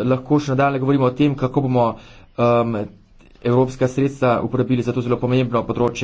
lahko še nadalje govorimo o tem, kako bomo um, evropska sredstva uporabili za to zelo pomembno področje.